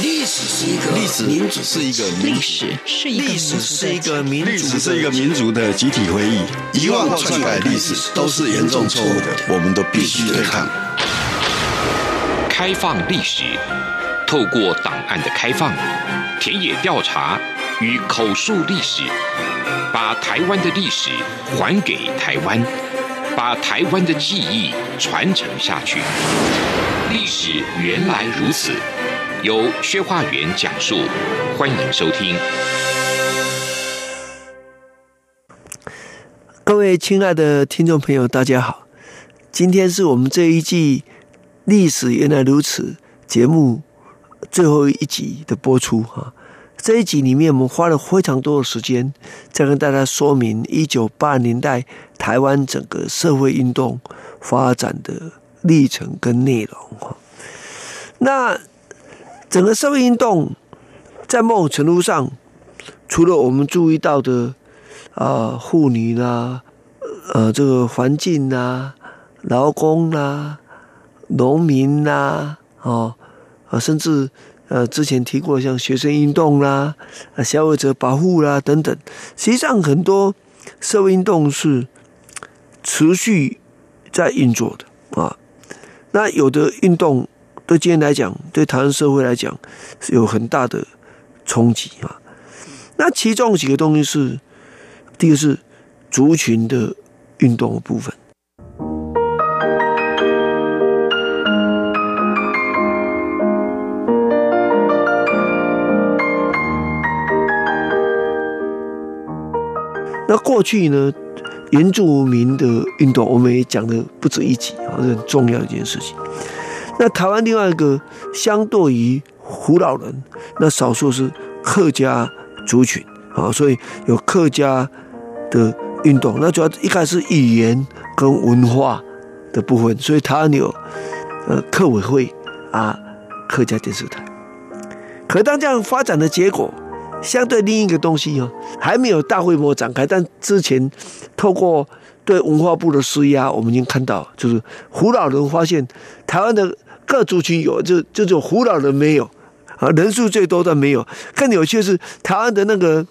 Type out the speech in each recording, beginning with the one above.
歷史是一個民族歷史是一個民族歷史是一個民族歷史是一個民族的集體回憶，遺忘或篡改歷史都是嚴重錯誤的，的我們都必須對抗。開放歷史，透過檔案的開放、田野調查與口述歷史，把台灣的歷史還給台灣。把台灣的記憶傳承下去。歷史原來如此，由薛化元講述，歡迎收聽。各位親愛的聽眾朋友，大家好，今天是我們這一季《歷史原來如此》節目最後一集的播出哈。這一集裡面，我們花了非常多的時間，再跟大家說明一九八零年代台灣整個社會運動發展的歷程跟內容。那整個社會運動，在某種程度上，除了我們注意到的啊，婦女啦、啊，呃、啊，這個環境啦、啊、勞工啦、啊，農民啦，哦，啊，甚至。呃，之前提過像學生運動啦、啊消費者保護啦等等，實際上很多社會運動是持續在運作的啊。那有的運動對今天來講，對台灣社會來講是有很大的衝擊啊。那其中幾個東西是，第一個是族群的運動的部分。那過去呢，原住民的運動我們也講的不止一集啊，這很重要的一件事情。那台灣另外一個相對於福佬人，那少數是客家族群啊，所以有客家的運動，那主要一開始語言跟文化的部分，所以他有呃客委會啊、客家電視台。可當這樣發展的結果。相對另一個東西哦，還沒有大規模展開，但之前透過對文化部的施壓，我們已經看到，就是胡老人發現台灣的各族群有，就就只有胡老人沒有，啊，人數最多的沒有。更有趣的是，台灣的那個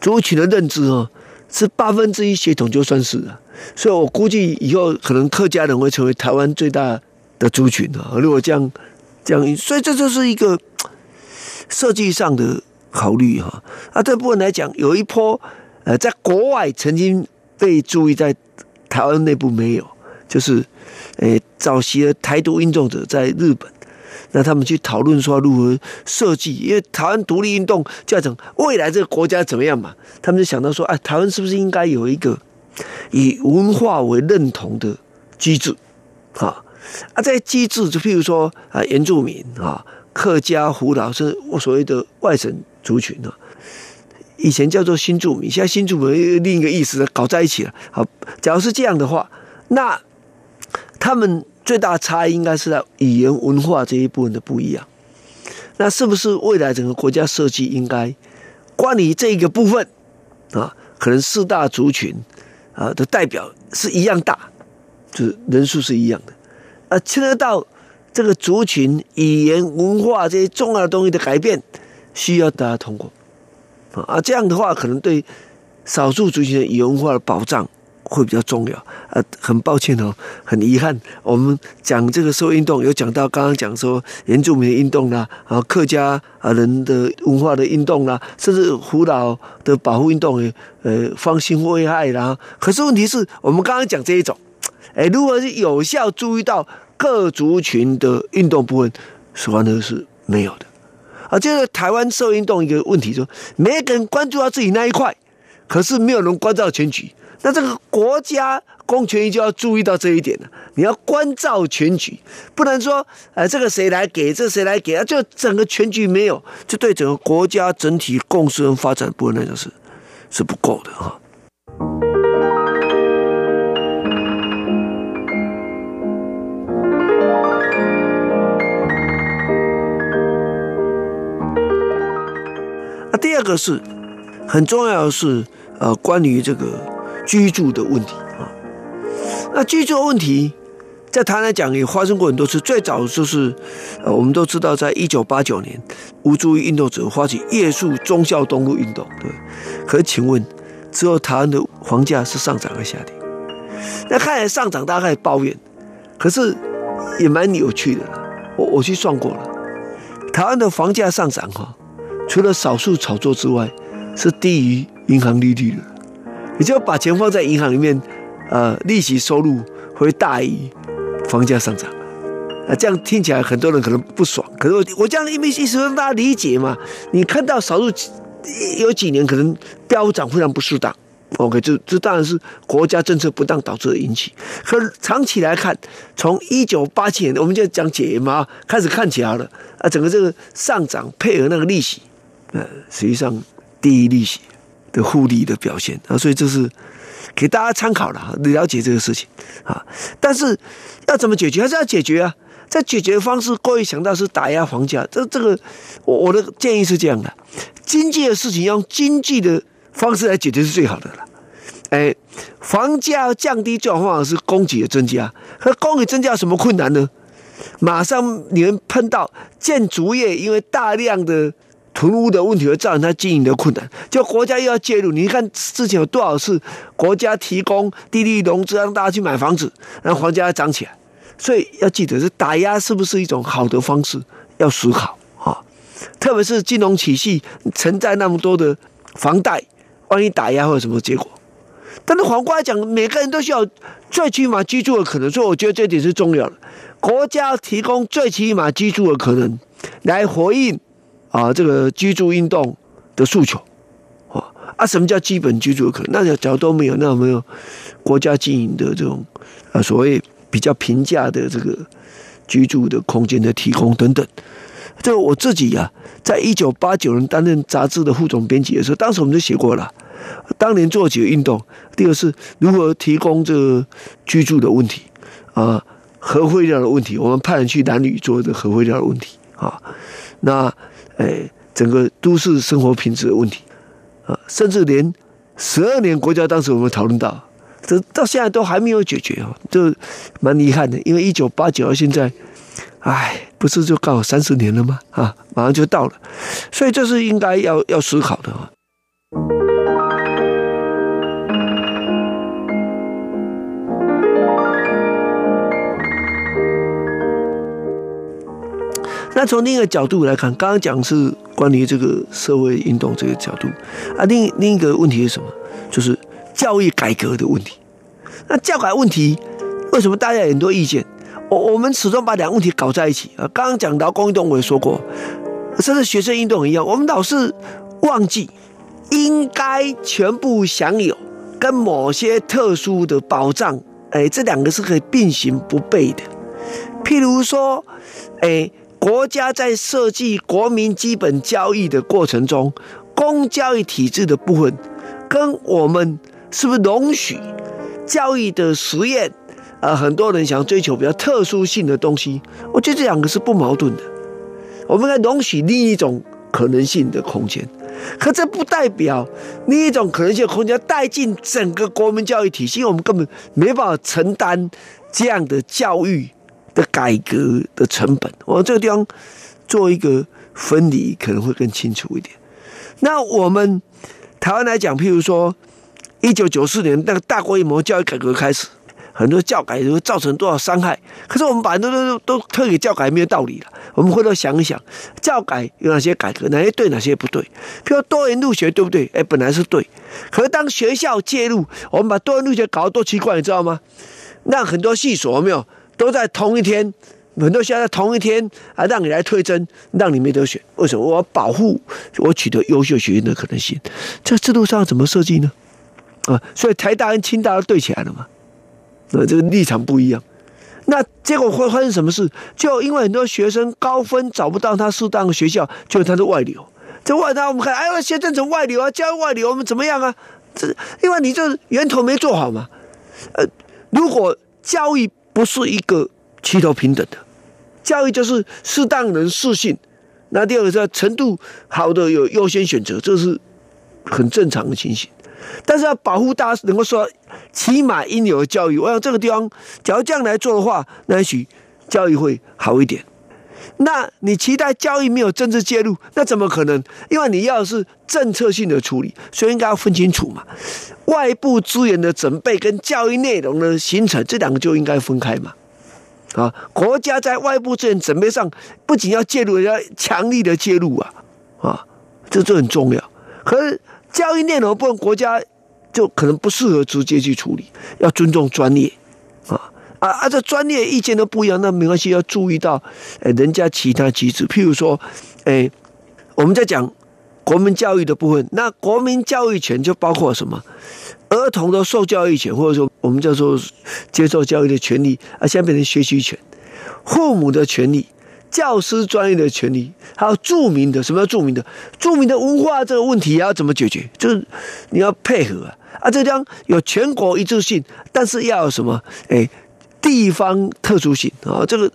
族群的認知哦，是八分之一血統就算是了。所以我估計以後可能客家人會成為台灣最大的族群啊！如果這樣這樣，所以這就是一個設計上的。考慮哈啊，這部分來講，有一波呃，在國外曾經被注意，在台灣內部沒有，就是誒、呃，早期的台獨運動者在日本，那他們去討論說如何設計，因為台灣獨立運動就要講未來這個國家怎麼樣嘛，他們就想到說，啊，台灣是不是應該有一個以文化為認同的機制啊？啊，這些機制就譬如說啊，原住民啊。客家、河洛是我所謂的外省族群呢、啊，以前叫做新住民，現在新住民又另一個意思，搞在一起了。好，假如是這樣的話，那他們最大差異應該是在語言文化這一部分的不一樣。那是不是未來整個國家設計應該關於這個部分啊？可能四大族群啊的代表是一樣大，就是人數是一樣的啊，牽得到。這個族群語言文化這些重要的東西的改變，需要大家通過啊，這樣的話可能對少數族群的語言文化的保障會比較重要。啊，很抱歉哦，很遺憾，我們講這個社會運動有講到，剛剛講說原住民的運動啦、啊，啊，客家啊人的文化的運動啦、啊，甚至福佬的保護運動，呃，方興未艾啦。可是問題是我們剛剛講這一種，哎、呃，如果是有效注意到。各族群的運動部分，實際上的是沒有的。啊，這、就是台灣社運動一個問題說，說每個人關注到自己那一塊，可是沒有人關照全局。那這個國家公權力就要注意到這一點了。你要關照全局，不能說，呃、哎，這個誰來給，這誰、個、來給啊？就整個全局沒有，就對整個國家整體共識和發展部分來講、就是是不夠的啊。這個、是很重要的是，呃，關於這個居住的問題啊、哦。那居住的問題在台灣來講也發生過很多次，最早就是，呃，我們都知道，在一九八九年，無住屋運動者發起夜宿忠孝東路運動，對。可是請問，之後台灣的房價是上漲還是下跌？那看來上漲，大概抱怨，可是也蠻有趣的啦。我我去算過了，台灣的房價上漲哈。哦除了少數炒作之外，是低於銀行利率的。你就要把錢放在銀行裡面，呃，利息收入會大於房價上漲。啊，這樣聽起來很多人可能不爽。可是我我這樣一沒意思讓大家理解嘛。你看到少數幾有幾年可能飆漲非常不適當，OK？這這當然是國家政策不當導致的引起。可長期來看，從一九八七年，我們就講解嚴嘛，開始看起來了啊，整個這個上漲配合那個利息。呃，實際上，第一利息的互利的表現啊，所以這是給大家參考了，了解這個事情啊。但是要怎麼解決？還是要解決啊。在解決的方式過於強調是打壓房價，這這個我我的建議是這樣的：經濟的事情用經濟的方式來解決是最好的了。哎，房價降低最好方法是供給的增加。那供給增加有什麼困難呢？馬上你們碰到建築業，因為大量的。棚屋的問題而造成他經營的困難，就國家又要介入。你看之前有多少次國家提供低利融資，讓大家去買房子，讓房價漲起來。所以要記得，是打壓是不是一種好的方式？要思考啊！特別是金融體系存在那麼多的房貸，萬一打壓會有什麼結果？但是反過來講，每個人都需要最起碼居住的可能，所以我覺得這點是重要的。國家提供最起碼居住的可能來回應，啊，這個居住運動的訴求，啊啊，什麼叫基本居住的可能？那假如都沒有，那有沒有國家經營的這種啊，所謂比較平價的這個居住的空間的提供等等？這個我自己啊，在一九八九年擔任雜誌的副總編輯的時候，當時我們就寫過了。當年做幾個運動，第二是如何提供這個居住的問題啊，核廢料的問題，我們派人去南呂做這核廢料的問題啊，那。哎，整個都市生活品質的問題，啊，甚至連十二年國家當時我們討論到，這到現在都還沒有解決哦，就蠻遺憾的。因為一九八九到現在，哎，不是就剛好三十年了嗎？啊，馬上就到了，所以這是應該要要思考的那從另一個角度來看，剛剛講是關於這個社會運動這個角度，啊，另，另另一個問題是什麼？就是教育改革的問題。那教改問題，為什麼大家有很多意見？我我們始終把兩個問題搞在一起啊。剛剛講勞工運動，我也說過，甚至學生運動一樣，我們老是忘記應該全部享有跟某些特殊的保障。誒、哎，這兩個是可以並行不悖的。譬如說，誒、哎。國家在設計國民基本教育的過程中，公教育體制的部分，跟我們是不是容許教育的實驗？呃，很多人想追求比較特殊性的東西，我覺得這兩個是不矛盾的。我們應該容許另一種可能性的空間，可這不代表另一種可能性的空間要帶進整個國民教育體系，因為我們根本沒辦法承擔這樣的教育改革的成本，我這個地方做一個分離，可能會更清楚一點。那我們台灣來講，譬如說，一九九四年那個大規模教育改革開始，很多教改都會造成多少傷害。可是我們把很多都都都推給教改，沒有道理了。我們回頭想一想，教改有哪些改革，哪些對，哪些不對？譬如多元入學對不對？哎、欸，本來是對，可是當學校介入，我們把多元入學搞得多奇怪，你知道嗎？那很多系所有沒有。都在同一天，很多學校在同一天啊，讓你來推甄，讓你沒得選。為什麼？我保護我取得優秀學生的可能性，這制度上怎麼設計呢？啊，所以台大跟清大都對起來了嘛？那、啊、這個立場不一樣，那結果會發生什麼事？就因為很多學生高分找不到他適當的學校，就是、他的外流。這外流我們看，哎呦，學生怎麼外流啊，教育外流，我們怎麼樣啊？這因為你這源頭沒做好嘛？呃，如果教育不是一個齊頭平等的教育，就是適當人適性。那第二個是要程度好的有優先選擇，這是很正常的情形。但是要保護大家能夠說起碼應有的教育，我想這個地方假如這樣來做的話，那也許教育會好一點。那你期待教育沒有政治介入，那怎麼可能？因為你要的是政策性的處理，所以應該要分清楚嘛。外部資源的準備跟教育內容的形成，這兩個就應該分開嘛。啊，國家在外部資源準備上不僅要介入，要強力的介入啊，啊，這這很重要。可是教育內容部分，國家就可能不適合直接去處理，要尊重專業，啊。啊啊！這專業意見都不一樣，那沒關係，要注意到，誒、欸，人家其他機制，譬如說，誒、欸，我們在講國民教育的部分，那國民教育權就包括什麼？兒童的受教育權，或者說我們叫做接受教育的權利，啊，現在變成學習權。父母的權利，教師專業的權利，還有著名的什麼叫著名的？著名的文化這個問題要怎麼解決？就是你要配合啊！啊，這將有全國一致性，但是要有什麼？誒、欸。地方特殊性啊、哦，這個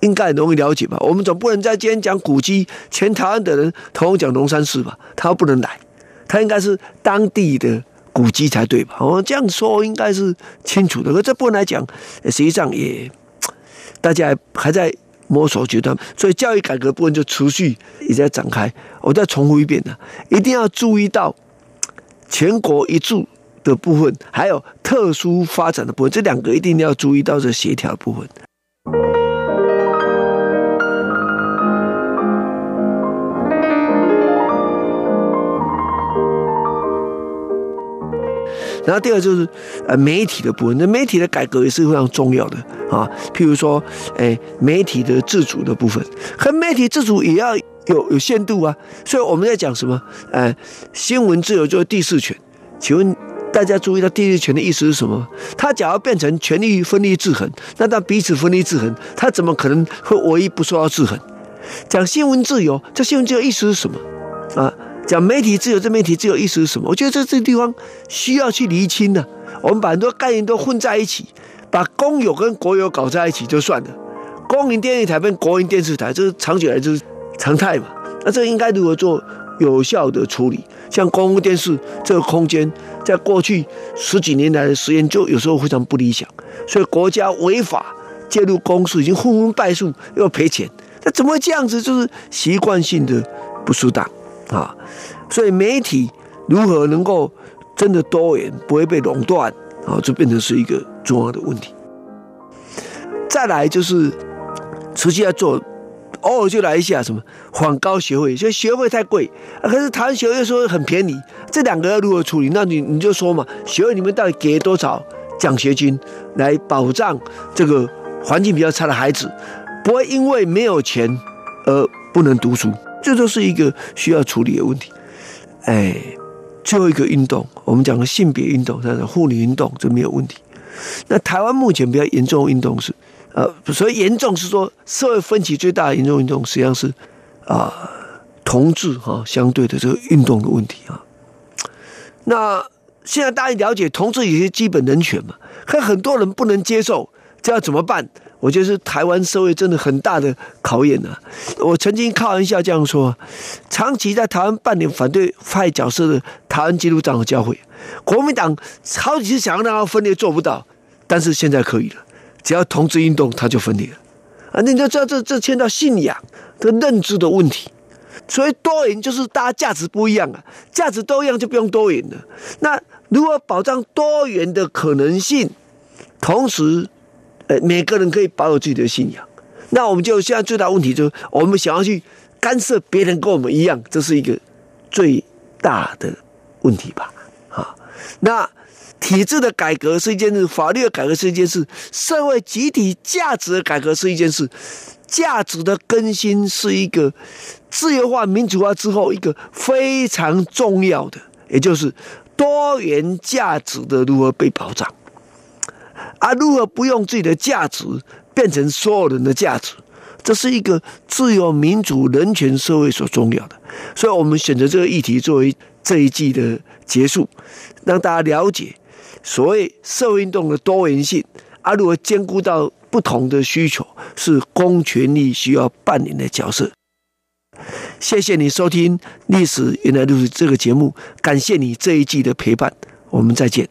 應該很容易了解吧？我們總不能在今天講古蹟，全台灣的人同樣講龍山寺吧？他不能來，他應該是當地的古蹟才對吧？我、哦、這樣說應該是清楚的。可這部分來講，實際上也大家還在摸索階段，所以教育改革的部分就持續一直在展開。我再重複一遍呢，一定要注意到全國一注。的部分，還有特殊發展的部分，這兩個一定要注意到這協調的部分。然後第二就是，呃，媒體的部分，那媒體的改革也是非常重要的啊。譬如說，誒媒體的自主的部分，可媒體自主也要有有限度啊。所以我們在講什麼？呃新聞自由就是第四權，請問？大家注意到，第一權的意思是什麼？它假如變成權力分立制衡，那它彼此分立制衡，它怎麼可能會唯一不受到制衡？講新聞自由，這新聞自由意思是什麼？啊，講媒體自由，這媒體自由意思是什麼？我覺得在這、這個地方需要去釐清的，啊。我們把很多概念都混在一起，把公有跟國有搞在一起就算了，公營電視台跟國營電視台，這是長久來就是常態嘛。那這個應該如何做？有效的處理，像公共電視這個空間，在過去十幾年來的實驗，就有時候非常不理想。所以國家違法介入公司已經紛紛敗訴，又要賠錢，那怎麼會這樣子？就是習慣性的不適當啊！所以媒體如何能夠真的多元，不會被壟斷啊，就變成是一個重要的問題。再來就是持續要做。偶爾就來一下，什麼反高學費，所以學費太貴，可是台灣學費說很便宜。這兩個要如何處理？那你你就說嘛，學費你們到底給多少獎學金來保障這個環境比較差的孩子，不會因為沒有錢而不能讀書？這都是一個需要處理的問題。哎，最後一個運動，我們講的性別運動，但是婦女運動，這沒有問題。那台灣目前比較嚴重的運動是？呃，所以嚴重是說社會分歧最大的嚴重運動，實際上是啊同志哈、啊、相對的這個運動的問題啊。那現在大家也了解同志有些基本人權嘛？可很多人不能接受，這要怎麼辦？我覺得是台灣社會真的很大的考驗吶。我曾經開玩笑這樣說：長期在台灣扮演反對派角色的台灣基督長老教會，國民黨好幾次想要讓他分裂做不到，但是現在可以了。只要同志運動，它就分裂了啊！那你就知道這，這這牽到信仰的認知的問題。所以多元就是大家價值不一樣啊，價值都一樣就不用多元了。那如何保障多元的可能性，同時，呃，每個人可以保有自己的信仰，那我們就現在最大問題就是，我們想要去干涉別人跟我們一樣，這是一個最大的問題吧？啊、哦，那。體制的改革是一件事，法律的改革是一件事，社會集體價值的改革是一件事，價值的更新是一個自由化、民主化之後一個非常重要的，也就是多元價值的如何被保障，啊，如何不用自己的價值變成所有人的價值，這是一個自由、民主、人權社會所重要的。所以我們選擇這個議題作為這一季的結束，讓大家了解。所謂社會運動的多元性，啊，如果兼顧到不同的需求，是公權力需要扮演的角色。謝謝你收聽《歷史原來如此》這個節目，感謝你這一季的陪伴，我們再見。